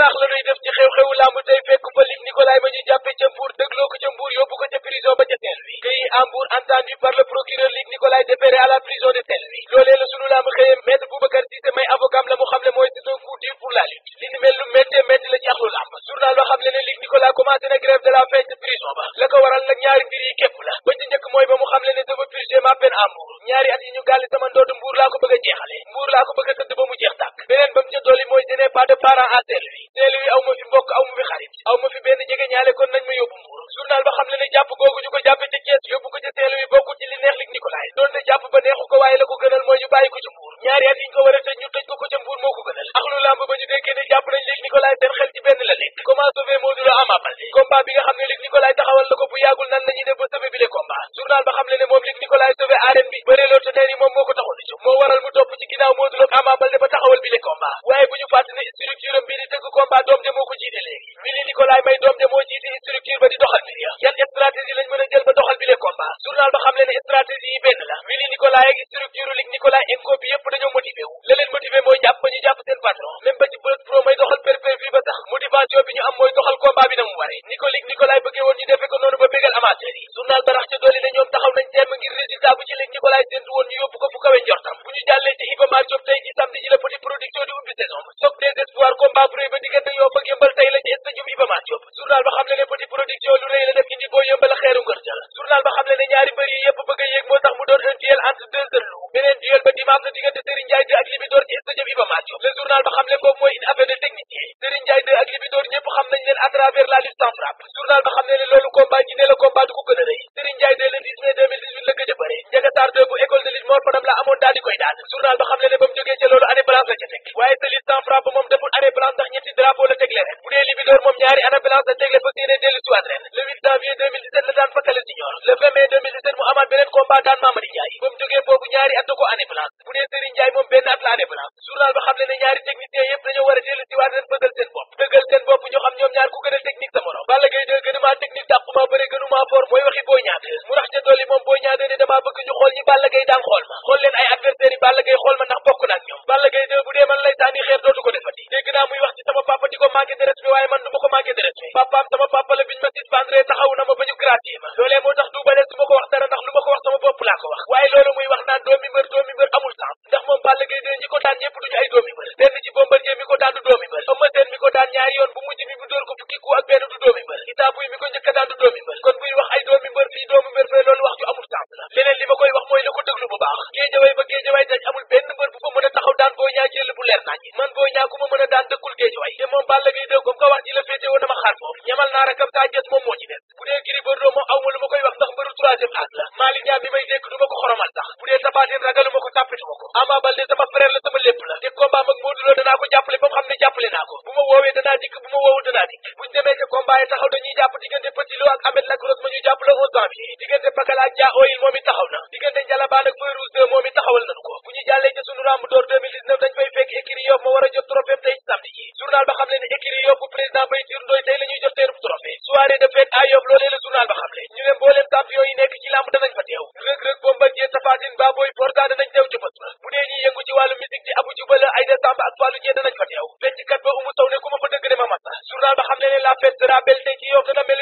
yaraax la nuy def ci xew-xewu làmb tey fekk fa Luc Nicolaï ma ñu jàppe ca Mbour dëgloo ko ca Mbour yóbbu ko ca prison ba ca Saint-Louis cueilli à Mbour entendu par le procureur Luc Nicolaï déféré à la prison de Saint-Louis la sunu làmb xëyee maître Boubacar Cissé may avocat la mu xam ne mooy c'est un coup pour la lutte li ni mel lu méttee métti ne Luc Nicolaï commencé na grève de la faim ca prison ba la ko waral nag ñaari mbir yi képp la ba ci njëkk mooy ba mu xam le ne dafa purgé ma peine à mort ñaari at yi ñu gàlli sama ndodd mbuur laa ko bëgg a jeexale mbuur laa ko bëgg a tëdd ba mu jeex tàkk beneen ba mu ca dolli mooy je pas de parents à Saint-Louis Saint-Louis fi mbokk aw fi xarit aw fi benn jege ñaale kon nañ ma yóbbu mbuur journal ba xam le ne jàpp googu ñu ko jàppe ca Thiès yóbbu ko ca donte jàpp ba neexu ko waaye la ko gënal mooy ñu bàyyi ko ci mbuur ñaari at yi ñu ko war a tëj ñu tëj ko ko ca mbuur moo ko gënal ak làmb ba ñu déggee ne jàpp nañ léegi Nicolas seen xel ci benn la nekk comment sauver Modou Lo Ama Baldé combat bi nga xam ne léegi Nicolas taxawal na ko bu yàggul nan la ñuy def ba sauver bi le combat journal ba xam le ne moom léegi Nicolas sauver arène bi bëree te neen yi moom moo ko taxoon a jóg moo waral mu topp ci ginnaaw Modou a journal ba xam le ne stratégie yi benn la Willy Nicolas ak structure Luc Nicolas Enco bi yëpp dañoo motivé leen motivé mooy jàpp ba ñu jàpp seen patron même ci Buzz Pro may doxal pay-per-view sax motivation bi ñu am mooy doxal combat bi na mu waree ni ko bëggee woon ñu defe ko noonu ba bégal amateur yi ba rax ca doole ne ñoom taxaw nañ temm ngir résultat ci Luc Nicolas séntu woon ñu yóbbu ko fu kawe njortam bu ñu jàllee ci Iba Mar Diop a ñaari mbër yi yëpp bëgg a yéeg moo tax mu doon un duel entre deux ëllu beneen duel ba dimanche la diggante Serigne Ndiaye 2 ak Libidor ci stade Iba Mar Diop le journal ba xam le boobu mooy une affaire de technique yi Serigne Ndiaye 2 ak Libidor ñëpp xam nañ leen à travers la lutte sans journal ba xam ne loolu combat ñi ne la combat du ko gën a rëy Serigne Ndiaye 2 le 10 mai la gëj a bëre Ndiaga Sarr bu école de lutte Mor Fadam waaye te lutte sans frappe moom deful année blanche ndax ñetti drapeau la tegle ren bu dee Libidor moom ñaari année blanche la tegle fas yéene dellu siwaat ren le 8 janvier 2017 la daan fakkale junior le 20 mai 2017 mu amaat beneen combat daan Mamadi Ndiaye ba mu jógee foofu ñaari at da ko année blanche bu ba xam ne ne ñaari techniciens yëpp dañoo war a dellu siwaat ren bëggal seen bopp bëggal seen a moom Boy Niang 2 ne damaa bëgg ñu xool ñi Balla Gaye daan xool ma xool leen ay adversaires yi Balla Gaye xool ma ndax bokk naak ñoom Balla Gaye seytaani xeer dootu ko defati dégg naa muy wax ci sama papa di ko manqué de respect waaye man du ma ko manqué de respect papaam sama papa la biñu ma suspendre taxaw na ma ba ñu gracier ma loolee moo tax du bale su ma ko wax dara ndax lu ma ko wax sama bopp ko wax waaye loolu muy wax naan doomi mbër doomi mbër amul sens ndax moom Balla de ñi daan ñëpp duñu ay doomi mbër benn ci Bombardier mi ko mi ko daan du doomi mbër a kon buy wax ay doomi mbër fii daan booy ñaa jël bu leer nañi man booy ñaa ku ma mën a daan dëkkul géej waay te moom Balla Gaye dëw comme ko wax ji la féete woon dama xaar foofu ñamal naa rakam saa gës moom moo ci des bu dee Gris Bordeaux moom aw ma lu ma koy wax ndax mbëru troisième la Malick Niang bi may dégg du ma ko xoromal sax bu dee Tapha Tine ragalu ma ko tàppitu ma ko Ama Baldé sama frère la sama lépp la te combat ak Modou Lô danaa ko jàppale ba mu xam ne jàppale naa ko bu ma woowee danaa dikk bu ma woowul danaa dikk buñ demee ca combat yi taxaw dañuy jàpp diggante Petit Lo ak Ahmed Lacros ma ñu jàpp le 11 janvier diggante Pakala ak Dia Oil moom it taxaw na diggante Njalabaan ak Boy Rouge 2 moom it taxawal nañu ko bu ñu jàllee ca sunu ramb d'or 2019 dañ fay fekk écurie Yoff ma war a jot trophée tey ci samedi ji journal ba bu trophée soirée de fête à Yoff loolee la journal ba xam le ñu ne mbooleem feccikat ba umu taw ne ku ma ko dëgg dama mat journal ba xam ne ne la fête sera belle tey ci Yoff dana mel